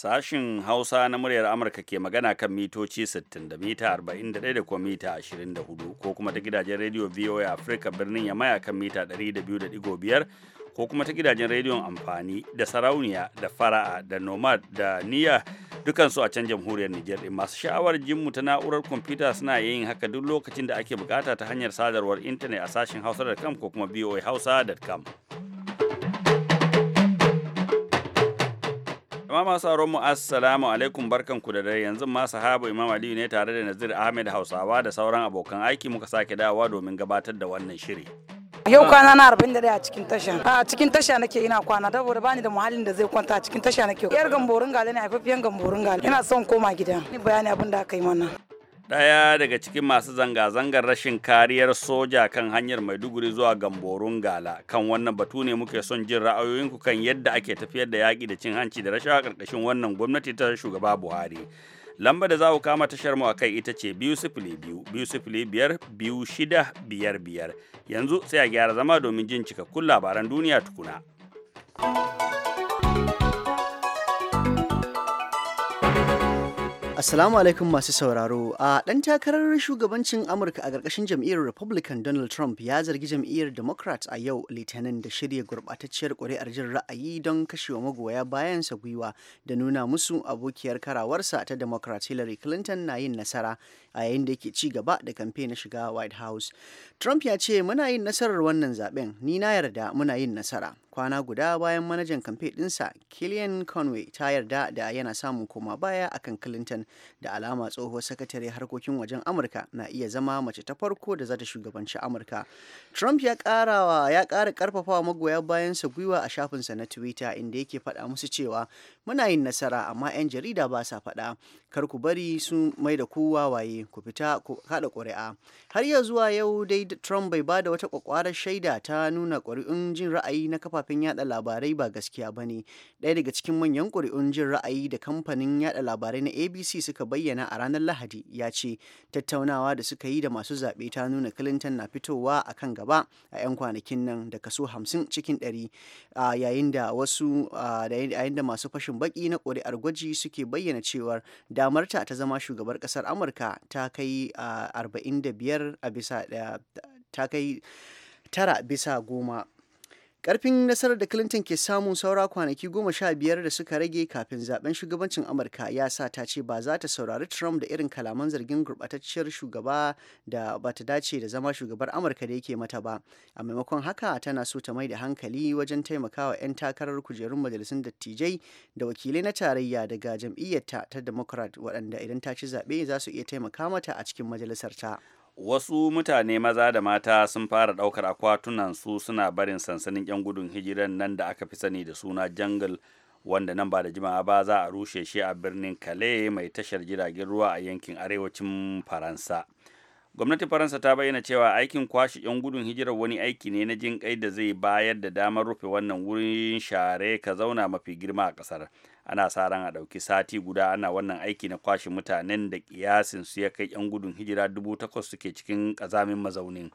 Sashin Hausa na muryar Amurka ke magana kan mitoci 60 da mita 41 da kuma mita 24 ko kuma ta gidajen rediyo VOA afirka birnin Yamaya kan mita 200.5 ko kuma ta gidajen rediyon amfani da sarauniya da fara'a da nomad da niyya dukansu a can jamhuriyar Nijar din masu sha'awar jinmu ta na'urar kwamfuta suna yin haka duk lokacin da ake bukata ta hanyar sadarwar intanet a sashin hausa.com ko kuma voa hausa.com Jama'a masu mu assalamu alaikum barkanku da dare yanzu ma sahabu Imam Aliyu ne tare da Nazir Ahmed Hausawa da sauran abokan aiki muka sake dawowa domin gabatar da wannan shiri. Yau kwana na arba'in da a cikin tasha. A cikin tasha nake ina kwana saboda bani da muhallin da zai kwanta a cikin tasha nake. Yar gamborin gale ne haifafiyan gamborin gale. Ina son koma gida. Ni bayani abin da aka yi mana. ɗaya daga cikin masu zanga-zangar rashin kariyar soja kan hanyar maiduguri zuwa gamborun gala kan wannan batu ne muke son jin ra'ayoyinku kan yadda ake tafiyar da yaƙi da cin hanci da rashawa ƙarƙashin wannan gwamnati ta shugaba buhari lamba da za ku kama tashar mu a kai ita ce biyu sifili biyu biyu sifili biyar biyu shida biyar biyar yanzu sai a gyara zama domin jin cikakkun labaran duniya tukuna. Assalamu alaikum masu sauraro. A ɗan takarar shugabancin Amurka a ƙarƙashin jam'iyyar Republican Donald Trump ya zargi jam'iyyar Democrat a yau Litinin da shirya gurɓatacciyar ƙuri'ar jin ra'ayi don kashewa magoya bayan sa gwiwa da nuna musu abokiyar karawarsa ta Democrat Hillary Clinton na yin nasara a yayin da yake ci gaba da kamfe na shiga White House. Trump ya ce muna yin nasarar wannan zaben, ni na yarda muna yin nasara. kwana guda bayan manajan kamfe ɗinsa Killian Conway ta yarda da yana samun koma baya akan Clinton da alama tsohuwar sakatare harkokin wajen Amurka na iya zama mace ta farko da za ta shugabanci Amurka. Trump ya karawa ya ƙara karfafawa magoya bayansa gwiwa a shafinsa na Twitter inda yake faɗa musu cewa muna yin nasara amma 'yan jarida ba sa faɗa kar ku bari su mai da kowa waye ku fita ku kada ƙuri'a har ya zuwa yau dai Trump bai ba da wata kwakwarar shaida ta nuna ƙuri'un jin ra'ayi na kafa kafafen yada labarai ba gaskiya ba ne ɗaya daga cikin manyan ƙuri'un jin ra'ayi da kamfanin yada labarai na abc suka bayyana a ranar lahadi ya ce tattaunawa da suka yi da masu zaɓe ta nuna clinton na fitowa a kan gaba a 'yan kwanakin nan da kaso 50 cikin 100 yayin da wasu yayin da masu fashin baki na ƙuri'ar gwaji suke bayyana cewar damarta ta zama shugabar ƙasar amurka ta kai 45 a bisa ta kai tara bisa goma Karfin nasarar da Clinton ke samun saura kwanaki goma sha biyar da suka rage kafin zaben shugabancin Amurka ya sa ta ce ba za ta saurari Trump da irin kalaman zargin gurɓatacciyar shugaba da ba ta dace da zama shugabar Amurka da yake mata ba. A maimakon haka tana so ta mai da hankali wajen taimakawa 'yan takarar kujerun majalisun dattijai da wakilai na tarayya daga jam'iyyarta ta Democrat waɗanda idan ta ci zaɓe za su iya taimaka mata a cikin majalisarta. wasu mutane maza da mata sun fara ɗaukar akwatunan su suna barin sansanin 'yan gudun hijiran nan da aka fi sani da suna jangal wanda nan ba da jima'a ba za a rushe shi a birnin calais mai tashar jiragen ruwa a yankin arewacin faransa gwamnatin faransa ta bayyana cewa aikin kwashe 'yan gudun hijirar wani aiki ne na jin kai da zai bayar da damar rufe wannan wurin share ka zauna mafi girma a kasar ana sa ran a ɗauki sati guda ana wannan aiki na kwashe mutanen da kiyasin su ya kai 'yan gudun hijira dubu takwas suke cikin ƙazamin mazaunin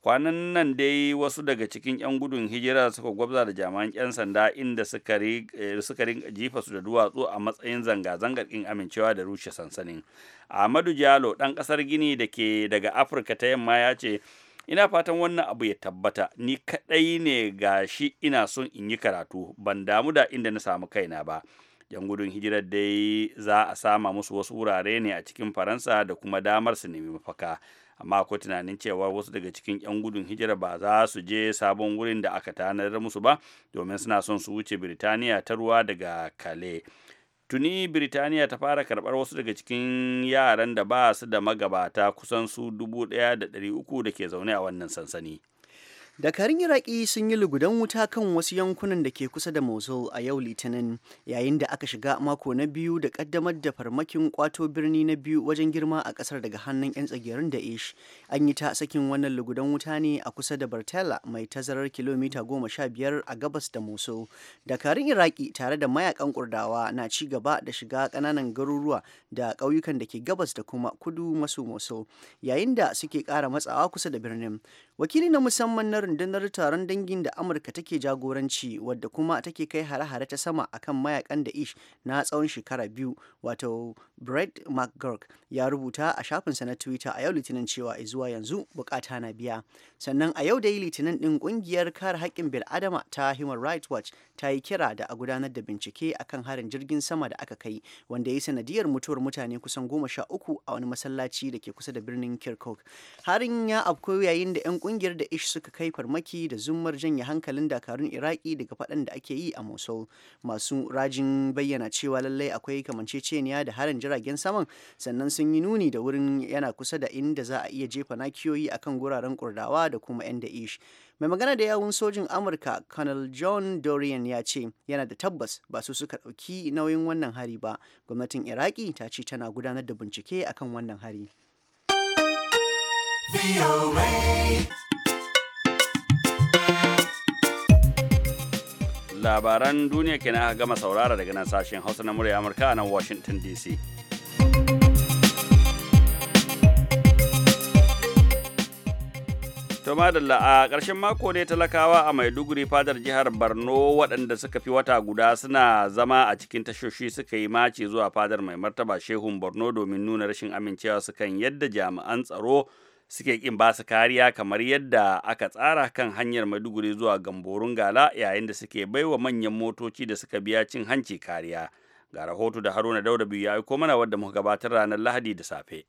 kwanan nan dai wasu daga cikin 'yan gudun hijira suka gwabza da jami'an 'yan sanda inda suka eh, rinka jifa su da duwatsu a matsayin zanga-zangar kin amincewa da rushe sansanin ahmadu jalo ɗan ƙasar gini da ke daga afirka ta yamma ya ce ina fatan wannan abu ya tabbata ni kaɗai ne ga shi ina son in yi karatu ban damu da inda na samu kaina ba 'yan gudun hijirar dai za a sama musu wasu wurare ne a cikin faransa da kuma damar su nemi mafaka amma akwai tunanin cewa wasu daga cikin 'yan gudun hijira ba za su je sabon wurin da aka tanar musu ba domin suna son su wuce birtaniya ta ruwa daga kale tuni birtaniya ta fara karbar wasu daga cikin yaran da ba su da magabata kusan su 1,300 da ke zaune a wannan sansani dakarun iraki sun yi lugudan wuta kan wasu yankunan da ke kusa da mosul a yau litinin yayin da aka shiga mako na biyu da kaddamar da farmakin kwato birni na biyu wajen girma a kasar daga hannun 'yan tsagerin da ish an yi ta sakin wannan lugudan wuta ne a kusa da bartella mai tazarar kilomita goma sha biyar a gabas da mosul dakarun iraki tare da mayakan kurdawa na ci gaba da shiga kananan garuruwa da ƙauyukan da ke gabas da kuma kudu maso mosul yayin da suke ƙara matsawa kusa da birnin wakili na musamman na rundunar taron dangin da amurka take jagoranci wadda kuma take kai hare-hare ta sama akan mayakan da ish na tsawon shekara biyu wato brett mcgurk ya rubuta a shafinsa na twitter a yau litinin cewa zuwa yanzu bukata na biya sannan a yau da yi litinin din kungiyar kare haƙƙin adama ta human rights watch ta yi kira da a gudanar da bincike akan harin jirgin sama da aka kai wanda ya yi sanadiyar mutuwar mutane kusan goma sha uku a wani masallaci da ke kusa da birnin kirkuk harin ya afko yayin da 'yan kungiyar da ish suka kai farmaki da zummar janye hankalin dakarun iraki daga faɗan da ake yi a mosul masu rajin bayyana cewa lallai akwai kamanceceniya da harin jiragen saman sannan sun yi nuni da wurin yana kusa da inda za a iya jefa nakiyoyi akan guraren kurdawa da kuma 'yan da ish mai magana da yawun sojin amurka colonel john dorian ya ce yana da tabbas ba su suka ɗauki nauyin wannan hari ba gwamnatin iraki ta ce tana gudanar da bincike akan wannan hari Labaran duniya kenan aka gama saurara daga nan sashen Hausa na murya Amurka a nan Washington DC. To madalla a ƙarshen mako ne talakawa a Maiduguri fadar jihar Borno waɗanda suka fi wata guda suna zama a cikin tashoshi suka yi maci zuwa fadar mai martaba Shehun Borno domin nuna rashin amincewa kan yadda jami'an tsaro suke kin ba su kariya kamar yadda aka tsara kan hanyar maiduguri zuwa gamborun gala yayin da suke baiwa manyan motoci da suka biya cin hanci kariya ga rahoto da haruna dauda biyu ya aiko mana wadda muka gabatar ranar lahadi da safe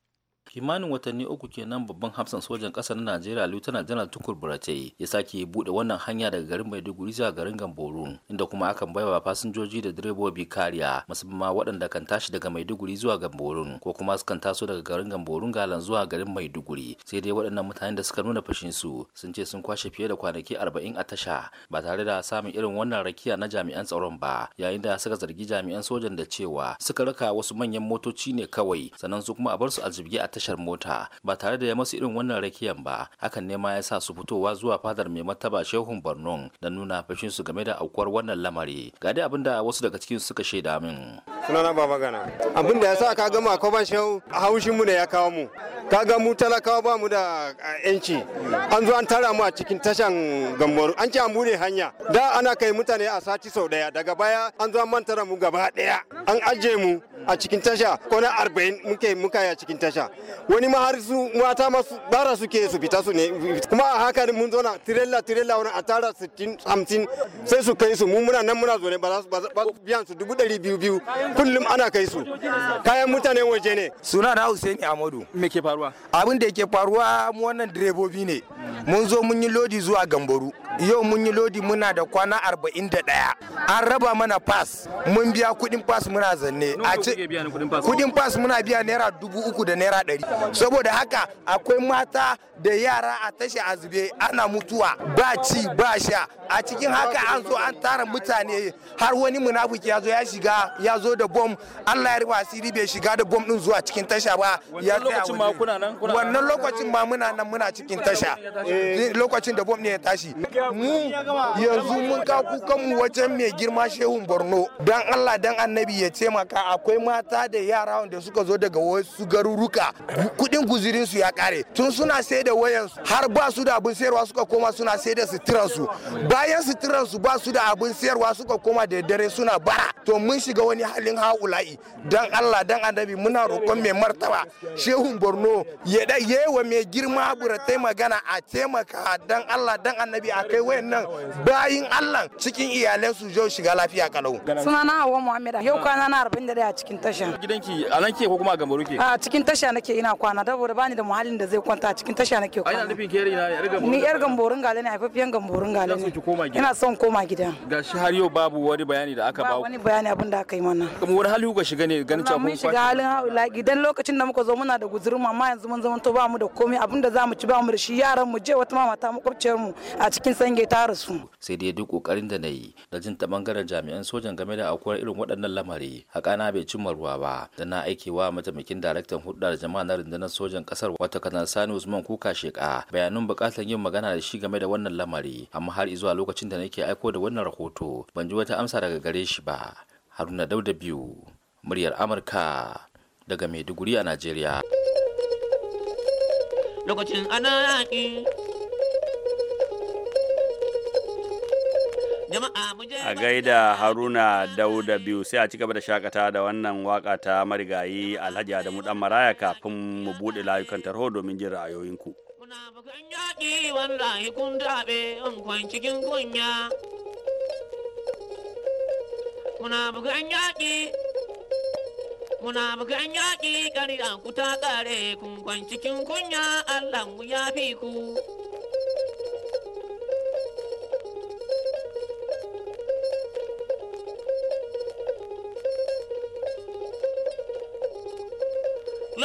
kimanin watanni uku kenan babban hafsan sojan na najeriya lieutenant general tukur buratai ya sake buɗe wannan hanya daga garin maiduguri zuwa garin gamboru inda kuma akan wa fasinjoji da direbobi kariya musamman waɗanda kan tashi daga maiduguri zuwa gamboru ko kuma sukan taso daga garin gamboru galan zuwa garin maiduguri sai dai waɗannan mutanen da suka nuna fashin su sun ce sun kwashe fiye da kwanaki arba'in a tasha ba tare da samun irin wannan rakiya na jami'an tsaron ba yayin da suka zargi jami'an sojan da cewa suka raka wasu manyan motoci ne kawai sannan su kuma a bar su a a tasha tashar mota ba tare da ya masu irin wannan rakiyan ba hakan ne ma ya sa su fitowa zuwa fadar mai mataba shehun borno da nuna fashin su game da aukuwar wannan lamari ga dai abinda wasu daga cikin suka shaida min sunana ba magana abin ya sa ka gama ko ban shehu haushin mu ne ya kawo mu kaga mu talakawa ba mu da yanci an zo an tara mu a cikin tashan gambaru an ce an bude hanya da ana kai mutane a sati sau daya daga baya an zo an mantara mu gaba daya an ajiye mu a cikin tasha kona arba'in muke yi a cikin tasha wani ma har su mata masu bara suke su fita su ne kuma a haka mun zo na tirela tirela wani a tara 60 50 sai su kai su mun muna nan muna zo ne ba za su biyan su dubu ɗari biyu biyu kullum ana kai su kayan mutane waje ne suna na Hussein Amadu. me ke faruwa abin da yake faruwa mu wannan direbobi ne mun zo mun yi lodi zuwa Gambaru yau mun yi lodi muna da kwana 41 an raba mana pass mun biya kudin pass muna zanne a kudin pass muna biya naira dubu uku da naira ɗari saboda haka akwai mata da yara a tashi a zube ana mutuwa ba ci ba sha a cikin haka an zo an tara mutane har wani munafuki ya zo ya shiga ya zo da bom Allah ya riba asiri bai shiga da bom din zuwa cikin tasha ba ya lokacin ma kuna nan wannan lokacin ma muna nan muna cikin tasha eh. lokacin da bom ne ya tashi mu yanzu mun ka mu wajen mai girma shehun borno don allah don annabi ya taimaka akwai mata da yara wanda suka zo daga wasu garuruka kudin guzirin su ya kare tun suna sai da wayan har ba su da abin sayarwa suka koma suna sai da suturan su bayan suturan su ba su da abin sayarwa suka koma da dare suna bara to mun shiga wani halin haula'i don allah don annabi muna roƙon mai martaba shehun borno ya da yewa mai girma buratai magana a taimaka don allah don annabi a kai wayan nan bayin Allah cikin iyalan su jo shiga lafiya kalau suna na Hawwa Muhammad yau kwana na da a cikin tasha gidanki a nan ke ko kuma a Gambaru ke a cikin tasha nake ina kwana saboda bani da muhallin da zai kwanta a cikin tasha nake kwana ina nufin ke rina yar Gambo. ni yar Gambo Gamborun gale ne haifafiyan Gamborun gale ne ina son koma gida gashi har yau babu wani bayani da aka ba wani bayani abin da aka yi mana kuma wani hali kuka shiga ne ganin cewa mun shiga halin haula gidan lokacin da muka zo muna da guzurin mama yanzu mun zaman to ba mu da komai abin da za mu ci ba mu da shi yaran mu je wata mama ta makwabciyar mu a cikin sange ta rasu. Sai dai duk kokarin da na yi da jin ta bangaren jami'an sojan game da aukuwar irin waɗannan lamari haka na bai cimma ruwa ba da na aikewa mataimakin daraktan hulɗar jama'a na rundunar sojan ƙasar wata kanar Sani Usman Kuka Sheka bayanin buƙatar yin magana da shi game da wannan lamari amma har zuwa lokacin da nake aiko da wannan rahoto ban ji wata amsa daga gare shi ba. Haruna Dauda biyu muryar Amurka daga Maiduguri a Najeriya. Lokacin ana yaƙi a gaida haruna dauda biyu sai a ci gaba da shakata da wannan waka ta marigayi alhaji adamu dan maraya kafin mu bude layukan tarho domin jin ra'ayoyinku muna bugan yaƙi wallahi kun daɓe in cikin kunya muna bugan yaƙi muna bugan yaƙi ƙarya ku ta ƙare kun cikin kunya allah mu ya fi ku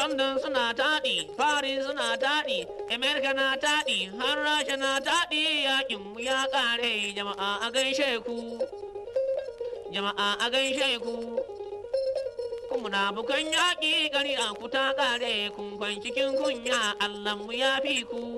london suna taɗi paris suna taɗi america na taɗi har rasha na taɗi yakin mu ya ƙare jama'a a gaishe ku jama'a a gaishe ku na bukan yaƙi gari a ku ta ƙare kun cikin kunya allah mu ya fi ku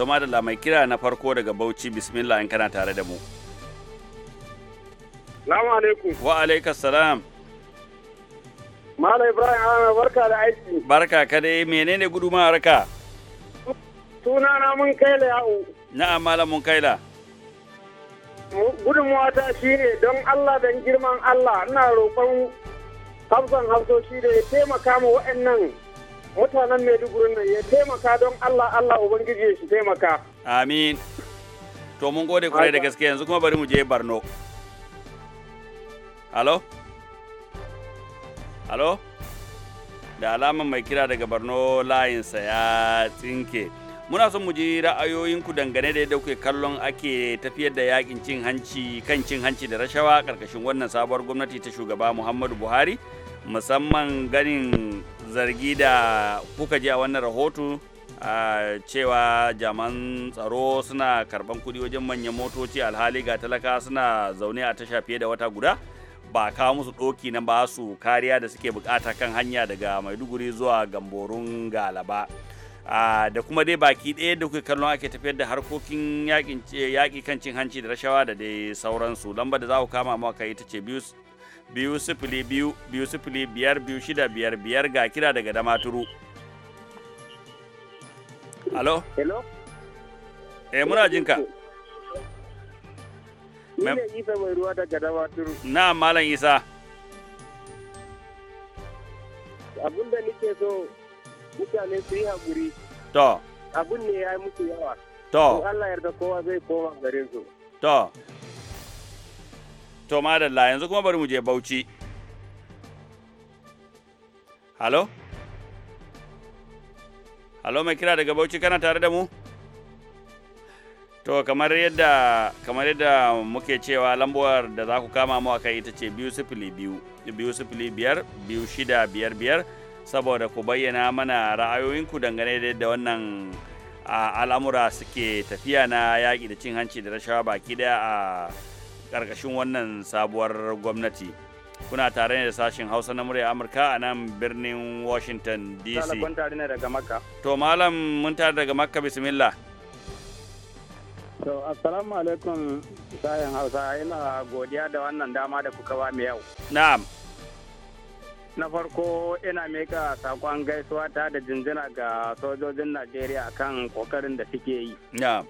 to madalla mai kira na farko daga bauchi bismillah in kana tare da mu salamu alaikum wa alaikum salam Mala Ibrahim ana barka da aiki. Barka ka dai menene guduma harka? Suna na mun kaila yawo Na'am Malam mun kaila. Gudunmuwa ta shi ne don Allah dan girman Allah ina roƙon hafsan hafsoshi da ya taimaka ma wa'annan mutanen Maiduguri ne ya taimaka don Allah Allah Ubangiji ya shi taimaka. Amin. To mun gode kwarai da gaske yanzu kuma bari mu je Barno. Halo? Halo? Da alaman mai kira daga Barno layinsa ya tsinke. Muna son mu ji ra'ayoyinku dangane da yadda kuke kallon ake tafiyar da yakin cin hanci kan cin hanci da rashawa karkashin wannan sabuwar gwamnati ta shugaba Muhammadu Buhari. musamman ganin zargi da kuka ji a wannan rahoto a cewa jaman tsaro suna karban kudi wajen manyan motoci alhali ga talaka suna zaune a tasha fiye da wata guda ba kawo musu ɗoki na ba su kariya da suke bukata kan hanya daga maiduguri zuwa gamborun galaba da kuma dai baki ɗaya da kuka kallon ake tafiyar da harkokin yaƙi kan cin hanci da rashawa da dai sauransu Lamba da za ku kama maka ita ce biyu biyu sifili biyu biyu sifili biyar biyu shida biyar biyar ga kira daga damaturu. Alo? Hello? Eh muna jin ka. ne Isa mai ruwa daga damaturu. Na Malam Isa. Abun da nike so mutane su yi haƙuri. To. Abun ne ya yi musu yawa. To. Allah yarda kowa zai koma garin su. To. To madalla yanzu kuma bari mu je Bauchi. Halo? Halo mai kira daga Bauchi kana tare da mu? To kamar yadda kamar yadda muke cewa lambuwar da za ku kama mu akai ita ce biyu sifili biyu biyu biyar biyu saboda ku bayyana mana ra'ayoyinku dangane da yadda wannan al'amura suke tafiya na yaƙi da cin hanci da rashawa baki daya a ƙarƙashin wannan sabuwar gwamnati kuna tare ne da sashen hausa na murya amurka a nan birnin washington dc to malam mun tare daga makka bismillah to assalamu alaikum sashen hausa ina godiya da wannan dama da kuka ba mu yau na'am na farko ina mika sakon gaisuwa ta da jinjina ga sojojin najeriya kan kokarin da suke yi na'am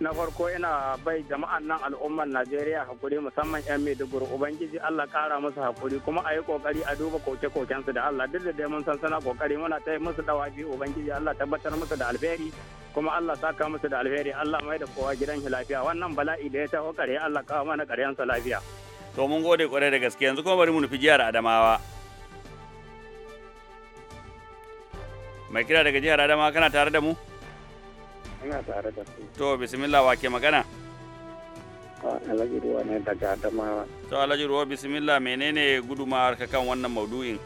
na farko ina bai jama'an nan al'ummar najeriya hakuri musamman yan maiduguri ubangiji allah kara musu hakuri kuma a yi kokari a duba koke-kokensu da allah duk da dai mun san kokari muna ta musu dawa biyu ubangiji allah tabbatar musu da alheri kuma allah saka musu da alheri allah mai da kowa gidan shi lafiya wannan bala'i da ya taho kare allah kawo mana sa lafiya. to mun gode kwarai da gaske yanzu kuma bari mu nufi jihar adamawa. mai kira daga jihar adamawa kana tare da mu? ina tare to bismillah wa ke magana ah, alhaji ruwa ne to alhaji ruwa bismillah menene gudumawar ka kan wannan maudu'in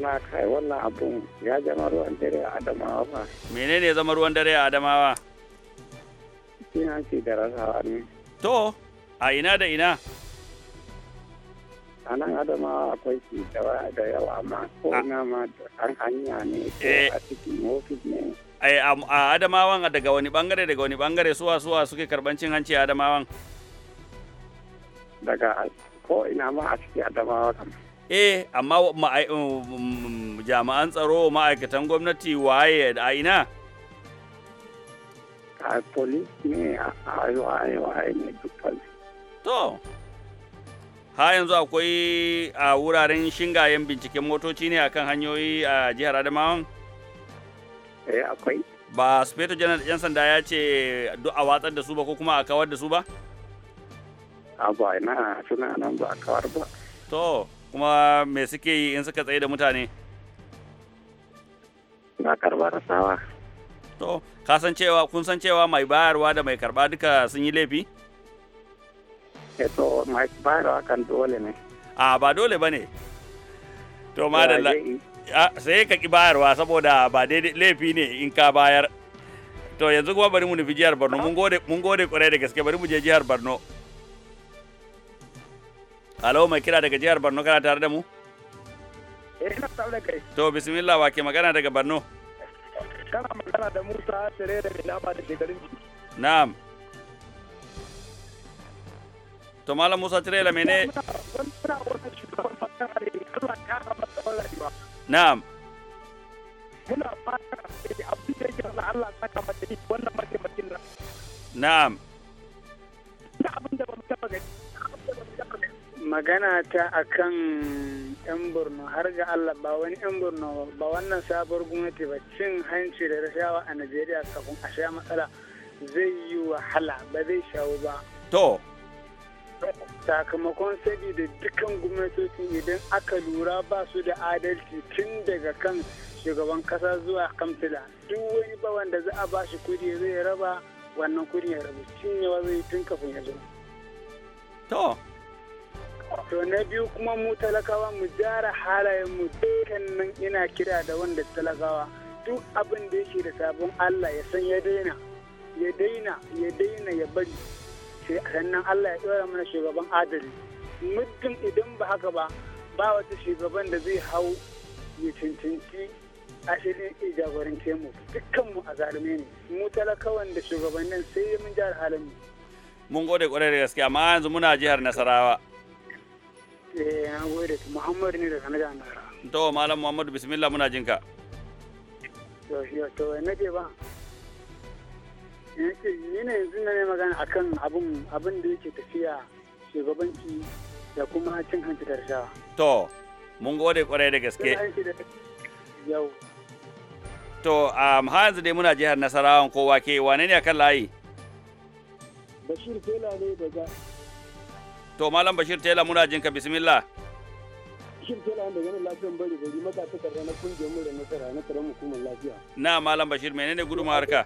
na kai wannan abun ya zama ruwan dare a adamawa ba menene zama ruwan dare a adamawa ne to a ina da ina a akwai shi da yawa amma ko na ma an hanya ne ko eh. a cikin ofis ne Eh, a adamawan daga wani bangare daga wani bangare suwa suwa suke karban cin hanci a adamawan daga ko ina ma a cikin adamawa kam eh amma um, um, jami'an tsaro ma'aikatan gwamnati waye a ina a polis ne a waye waye ne to ha yanzu akwai a wuraren shingayen binciken motoci ne akan hanyoyi a jihar adamawan eh akwai ba speto janar yan sanda ya ce duk a watsar da su ba ko kuma a kawar da su ba a ba na suna nan ba a kawar ba to kuma me suke yi in suka tsaye da mutane na karba da sawa to ka san cewa kun san cewa mai bayarwa da mai karba duka sun yi laifi E to mai bayarwa kan dole ne a ba dole ba ne to madalla Ah, sai ka ki bayarwa saboda ba daidai laifi ne in ka bayar to yanzu kuma bari mu nufi jihar Borno mun gode kwarai da gaske bari mu je jihar Borno Alo mai kira daga jihar Borno kana tare da mu eh, To bismillah wa ke magana daga Borno Kana magana da Musa da da garin Na'am To Malam Musa Tirela mene? shugaban ne, Allah ya na'am muna fata da abin da yake na Allah saka mata ni wannan mace mataimakin na. na'am na abin da ba taba gani magana ta akan yan Borno har ga Allah ba wani yan Borno ba wannan sabuwar gwamnati ba cin hanci da rashawa a Najeriya kafin a sha matsala zai yi wahala ba zai shawo ba to sakamakon da dukkan gwamnatoci idan aka lura ba su da adalci tun daga kan shugaban kasa zuwa kamfila duk wani ba wanda za a ba shi kudi zai raba wannan kudi ya rabu cinyewa zai tun kafin ya zo to na biyu kuma mu talakawa mu jara halayen mu nan ina kira da wanda talakawa duk abin da yake da sabon Allah ya san ya daina ya daina ya bari sai sannan Allah ya ɗora mana shugaban adali muddin idan ba haka ba ba wata shugaban da zai hau ya cincinci a shirin jagorance mu dukkanmu a zalume ne mu talakawan da shugabannin sai ya mun jihar halin mu mun gode kwarai da gaskiya amma yanzu muna jihar Nasarawa eh an gode Muhammadu ne daga jihar Nasarawa to malam Muhammadu bismillah muna jinka to to ne ba me yake ni ne magana akan abin abin da yake tafiya shugabanci da kuma cin hanci da To, mun gode kwarai da gaske. Yau. To, um, har yanzu dai muna jihar Nasarawa kowa ke wane ne a kan layi? Bashir Tela ne daga. To, Malam Bashir Tela muna jin ka bismillah. Bashir Tela wanda ganin lafiyan bari bari matasa karfa na kungiyar mu da nasara na karamar hukumar lafiya. Na Malam Bashir menene gudunmawar ka?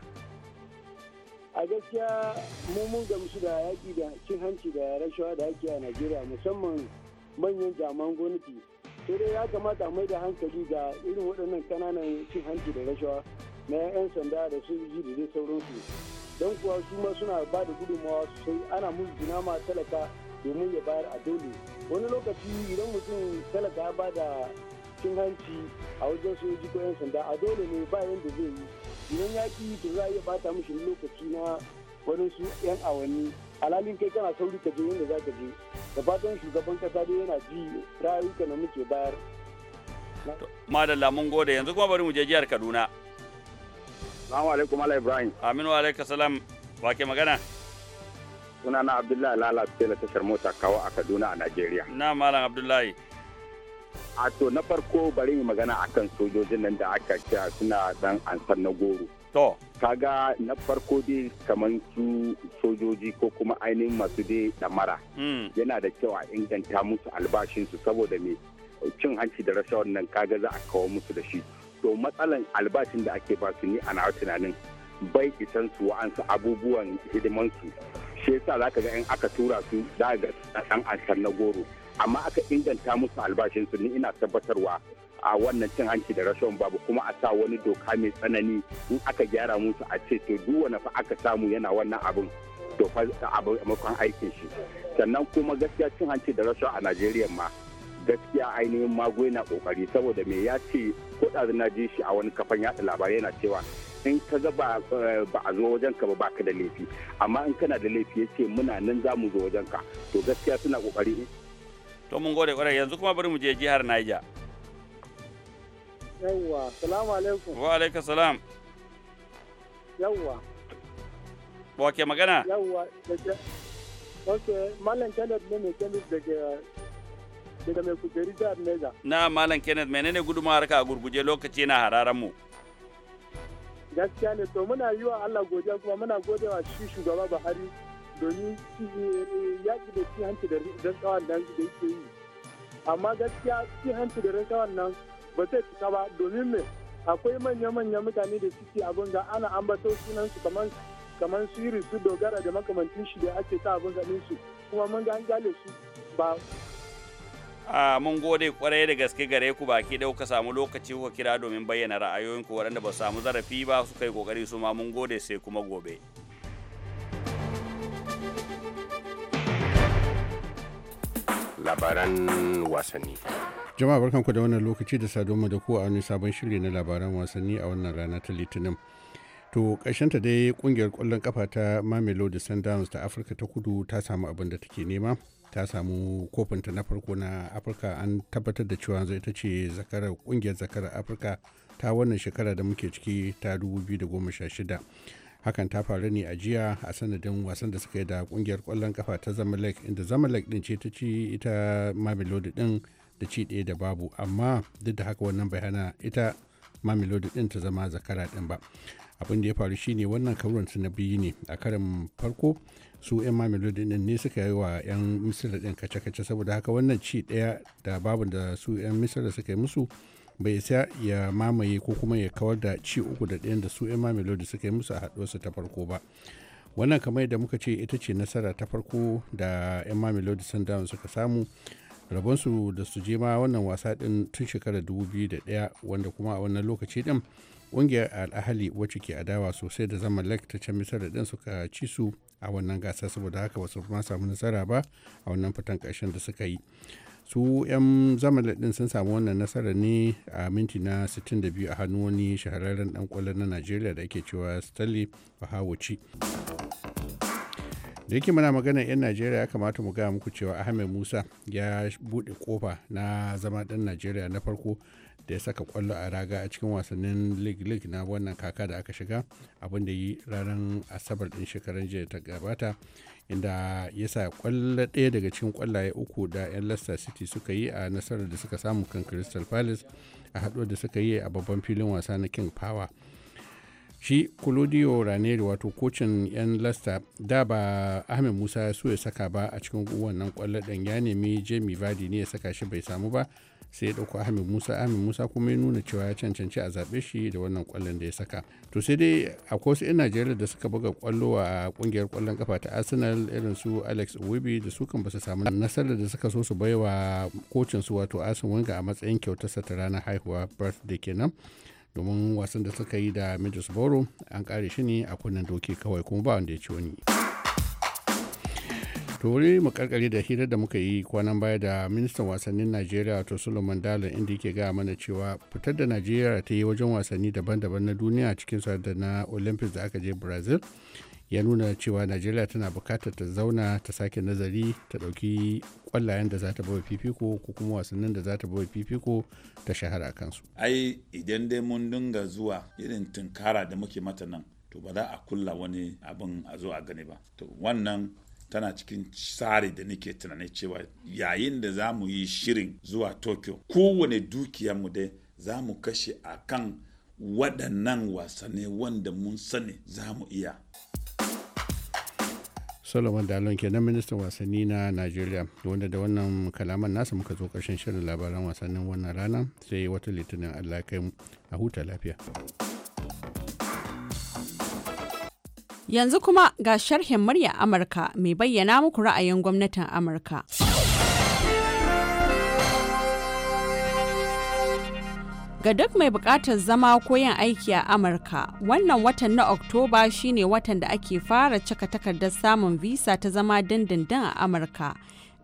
a gaskiya mu mun gamsu da yaƙi da cin hanci da rashawa da ake a najeriya musamman manyan jaman gwamnati sai dai ya kamata mai da hankali ga irin waɗannan kananan cin hanci da rashawa na 'yan sanda da su ji da zai sauransu don kuwa su ma suna ba da gudunmawa sosai ana musu ma talaka domin ya bayar a dole wani lokaci idan mutum talaka ya ba da cin hanci a wajen ji ko 'yan sanda a dole ne ba yadda zai yi idan ya ki to za a iya bata mishi lokaci na wani su yan awanni alalin kai kana sauri ka je yadda za ka je da fatan shugaban kasa dai yana ji rayuka na muke bayar madalla mun gode yanzu kuma bari mu je jihar kaduna salamu alaikum ala ibrahim aminu alaika salam wa ke magana sunana abdullahi Lalata, tashar mota kawo a kaduna a najeriya na malam abdullahi a to na farko bari magana akan sojojin nan da aka cewa suna dan ansar na goro to kaga na farko dai kamar su sojoji ko kuma ainihin masu dai damara hmm. yana da kyau a inganta musu albashinsu saboda me cin hanci da rashawar nan kaga za a kawo musu da shi to matsalan albashin da ake ba su ni ana tunanin bai isan su wa'ansu abubuwan hidimansu shi yasa ka ga in aka tura su za ga dan ansar na goro amma aka inganta musu albashin su ni ina tabbatarwa a wannan cin hanci da rashon babu kuma a sa wani doka mai tsanani in aka gyara musu a ce to duk wani fa aka samu yana wannan abin to fa makon aikin shi sannan kuma gaskiya cin hanci da rashon a Najeriya ma gaskiya ainihin mago yana kokari saboda me ya ce ko na ji shi a wani kafan yaɗa labarai yana cewa in ka ga ba eh, a zo wajen ka ba baka da laifi amma in kana da laifi ya ce muna nan za mu zo wajen ka to gaskiya suna kokari to mun gode kwarai yanzu kuma bari mu je jihar Niger yawwa salamu alaikum wa alaikum salam yawwa wa ke magana yawwa ok malam kenneth ne mai kenneth daga daga mai kujeri jihar Niger na malam kenneth menene gudumawar ka a gurguje lokaci na hararan mu gaskiya ne to muna yi wa Allah godiya kuma muna godewa shi shugaba Buhari domin yaƙi da cin hanci da tsawon nan da yake yi amma gaskiya cin hanci da tsawon nan ba zai cika ba domin me akwai manya-manyan mutane da suke abin ga ana ambato sunan kamar kamar su iri su dogara da makamantin shi da ake sa abin ganin su kuma mun ga an gale su ba a mun gode kwarai da gaske gare ku baki dau ka samu lokaci kuka kira domin bayyana ra'ayoyinku waɗanda ba su samu zarafi ba su kai kokari su ma mun gode sai kuma gobe. labaran wasanni. Jama'a barkanku da wannan lokaci da sadoma da ku a wani sabon shiri na labaran wasanni a wannan rana ta Litinin. To ta dai kungiyar kwallon kafa ta Mamelodi Sundowns ta Afirka ta kudu ta samu abin da take nema. Ta samu kofinta na farko na Afirka an tabbatar da cewa zai ta ce zakarar kungiyar zakarar Afirka ta wannan shekara da muke ciki ta 2016. hakan ta faru ne a jiya a sanadin wasan da suka yi da kungiyar kwallon kafa ta zamalek inda zamalek din ce ta ci ita mamelodi din da ci ɗaya da babu amma duk da haka wannan bayana ita mamelodi din ta zama zakara din ba abin da ya faru shine wannan kauran na biyu ne a karin farko su 'yan mamelodi din ne suka yi wa 'yan misira din kace-kace saboda haka wannan ci ɗaya da babu da su 'yan misira suka yi musu bai sa ya mamaye ko kuma ya kawar da ci uku da ɗayan da su 'yan mamelodi suka yi musu a haɗuwarsu ta farko ba wannan kamar da muka ce ita ce nasara ta farko da 'yan mamelodi sundowns suka samu rabonsu da su je ma wannan wasa ɗin tun shekara biyu da 2001 wanda kuma a wannan lokaci ɗin ƙungiyar al'ahali wacce ke adawa sosai da zaman lake ta can misar ɗin suka ci su a wannan gasa saboda haka ba su ma samu nasara ba a wannan fitan ƙarshen da suka yi su 'yan zamalin din sun samu wannan nasara ne a minti na 62 a hannun wani shahararren dan kwallo na najeriya da ake cewa stanley fahawoci da yake muna magana 'yan najeriya ya kamata mu gaya muku cewa ahmed musa ya buɗe kofa na zama ɗan najeriya na farko da ya saka kwallo a raga a cikin wasannin league league na wannan kaka da aka shiga abin da yi ranar asabar ɗin shekaran jiya ta gabata inda ya sa kwallo ɗaya daga cikin kwallaye uku da 'yan leicester city suka yi a nasarar da suka samu kan crystal palace a haɗuwar da suka yi a babban filin wasa na king power shi claudio ranieri wato kocin 'yan leicester da ba ahmed musa so ya saka ba a cikin wannan kwallo ɗin ya nemi jamie vardy ne ya saka shi bai samu ba sai ya dauko ahmed musa ahmed musa kuma ya nuna cewa ya cancanci a zaɓe shi da wannan kwallon da ya saka to sai dai akwai wasu 'yan najeriya da suka buga kwallo a kungiyar kwallon kafa ta arsenal irin su alex wibi da su kan basu samu nasarar da suka so su baiwa kocin su wato asin wanga a matsayin kyautarsa ta ranar haihuwa birthday kenan domin wasan da suka yi da middlesbrough an kare shi ne a kunnen doki kawai kuma ba wanda ya ci wani. to wuri mu da hira da muka yi kwanan baya da ministan wasannin najeriya to solomon dalin inda yake gaya mana cewa fitar da najeriya ta yi wajen wasanni daban-daban na duniya cikin da na olympics da aka je brazil ya nuna cewa najeriya tana bukatar ta zauna ta sake nazari ta ɗauki kwallayen da za ta bawa fifiko ko kuma wasannin da za ta bawa fifiko ta shahara kansu ai idan dai mun dinga zuwa irin tunkara da muke mata nan to ba za a kulla wani abin a zo a gani ba to wannan tana cikin tsari da nake tunanin cewa yayin da za mu yi shirin zuwa tokyo kowane dukiyarmu dai za mu kashe a kan waɗannan wasanni wanda mun sani za mu iya solomon dalon kenan ministan wasanni na nigeria wanda da wannan kalaman nasa muka zo karshen shirin labaran wasannin wannan rana sai wata litinin allah kai a huta lafiya Yanzu kuma ga sharhin murya Amurka mai bayyana muku ra'ayin gwamnatin Amurka. Ga duk mai buƙatar zama ko yin aiki a Amurka, wannan watan na Oktoba shine watan da ake fara cika takardar samun visa ta zama dindindin a Amurka.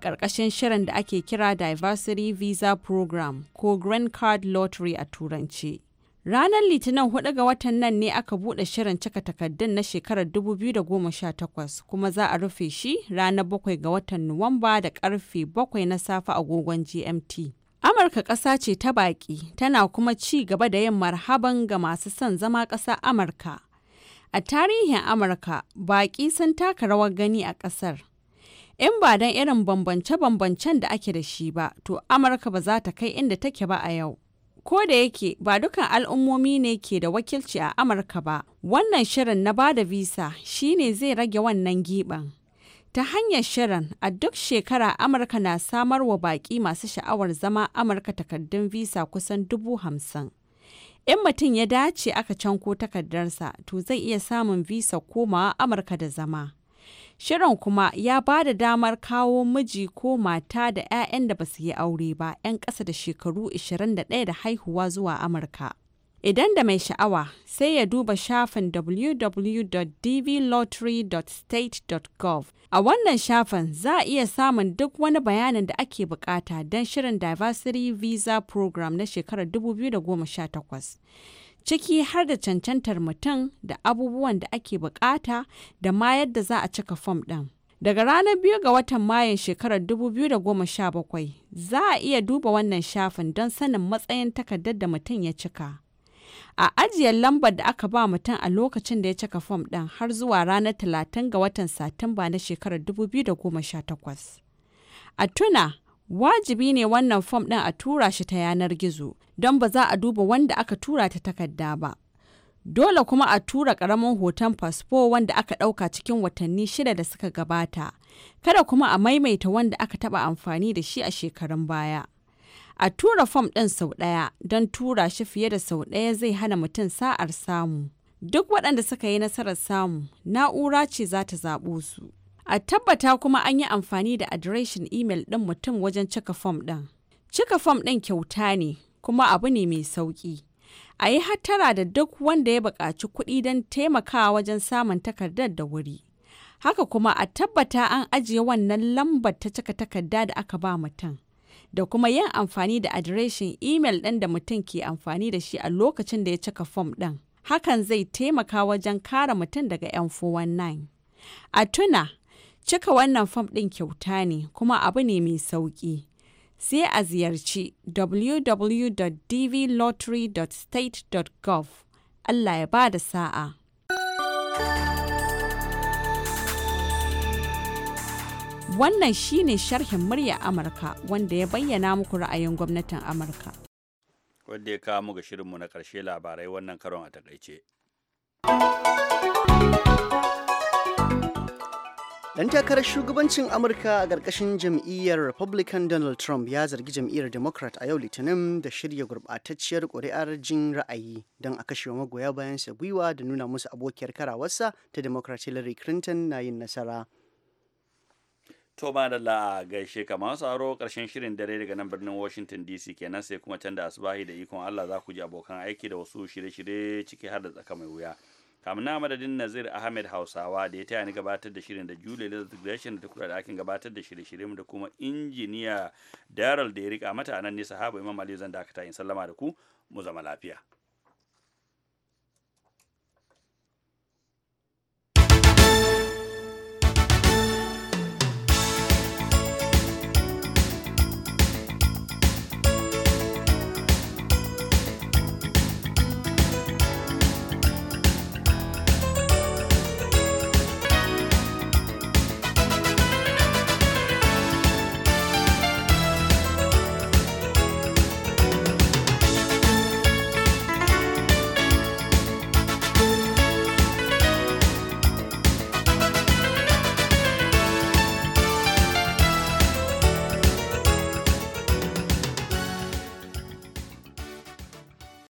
Ƙarƙashin shirin da ake kira Diversity Visa Program ko Green Card Lottery a Turanci. Ranar Litinin 4 ga watan nan ne aka buɗe shirin cika takardun na shekarar 2018 kuma za a rufe shi ranar 7 ga watan Nuwamba da karfe 7 na safe agogon GMT. Amurka ƙasa ce ta baƙi tana kuma ci gaba da yin marhaban ga masu son zama ƙasa Amurka. A tarihin Amurka, baƙi sun taka rawar gani a ƙasar. In ba don irin bambance-bambancen da ake da shi ba, to Amurka ba za ta kai inda take ba a yau. Ko da yake ba dukan al'ummomi ne ke da wakilci a Amurka ba, wannan shirin na bada visa shine zai rage wannan giban. Ta hanyar shirin a duk shekara Amurka na samar wa baƙi masu sha'awar zama Amurka takardun visa kusan dubu hamsin. In mutum ya dace aka canko takardarsa to zai iya samun visa komawa Amurka da zama. Shirin kuma ya ba da damar kawo miji ko mata da 'ya'yan da ba su yi aure ba 'yan ƙasa da shekaru 21 da haihuwa zuwa Amurka. Idan da mai sha'awa sai ya duba shafin www.dvlottery.state.gov. A wannan shafin za a iya samun duk wani bayanin da ake bukata don shirin Diversity Visa Program na shekarar 2018. ciki har da cancantar mutum da abubuwan da ake bukata da ma yadda za a cika fom ɗin. Daga ranar biyu ga watan Mayun shekarar 2017 za a iya duba wannan shafin don sanin matsayin takardar da mutum ya cika. A ajiyar lambar da aka ba mutum a lokacin da ya cika fom ɗin har zuwa ranar talatin ga watan Satumba na shekarar 2018. A tuna wajibi ne wannan fom ɗin a tura shi ta yanar gizo don ba za a duba wanda aka tura ta takarda ba dole kuma a tura ƙaramin hoton fasfo wanda aka ɗauka cikin watanni shida da suka gabata kada kuma a maimaita wanda aka taɓa amfani da shi a shekarun baya a tura fom ɗin sau ɗaya don tura shi fiye da sau ɗaya zai hana mutum sa'ar samu duk waɗanda suka yi nasarar samu na'ura ce za ta zaɓo su A tabbata kuma an yi amfani da adireshin imel ɗin mutum wajen cika fom ɗin. Cika fom ɗin kyauta ne kuma abu ne mai sauki A yi hattara da duk wanda ya buƙaci kuɗi don taimakawa wajen samun takardar da wuri. Haka kuma a tabbata an ajiye wannan lambar ta cika takarda da aka ba mutum. Da kuma yin amfani da adireshin imel ɗin da mutum ke amfani da shi a lokacin da ya cika fom ɗin. Hakan zai taimaka wajen kare mutum daga 'yan 419. A tuna, Cika wannan fam ɗin kyauta ne kuma abu ne mai sauƙi. Sai a ziyarci www.dvlottery.state.gov. Allah ya ba da sa'a. Wannan shi ne sharhin murya Amurka wanda ya bayyana muku ra'ayin gwamnatin Amurka. Wanda ya kawo mu ga shirinmu na ƙarshe labarai wannan karon a takaice. Dan takarar shugabancin Amurka a karkashin jam'iyyar Republican Donald Trump ya zargi jam'iyyar Democrat a yau Litinin da shirya gurɓatacciyar ƙuri'ar jin ra'ayi don a kashe magoya bayan bayansa gwiwa da nuna musu abokiyar karawarsa ta Democrat Hillary Clinton na yin nasara. To ma da la gaishe kamar aro ƙarshen shirin dare daga nan birnin Washington DC kenan sai kuma can da asubahi da ikon Allah za ku ji abokan aiki da wasu shirye-shirye ciki har da tsaka mai wuya. kamar na madadin nazir ahmed hausawa da ya taya ni gabatar da shirin da julia elizabeth gresham da da akin gabatar da shirye-shiryen da kuma injiniya daryl da ya rika mata nan ne sahaba imam ali zan dakata in sallama da ku mu zama lafiya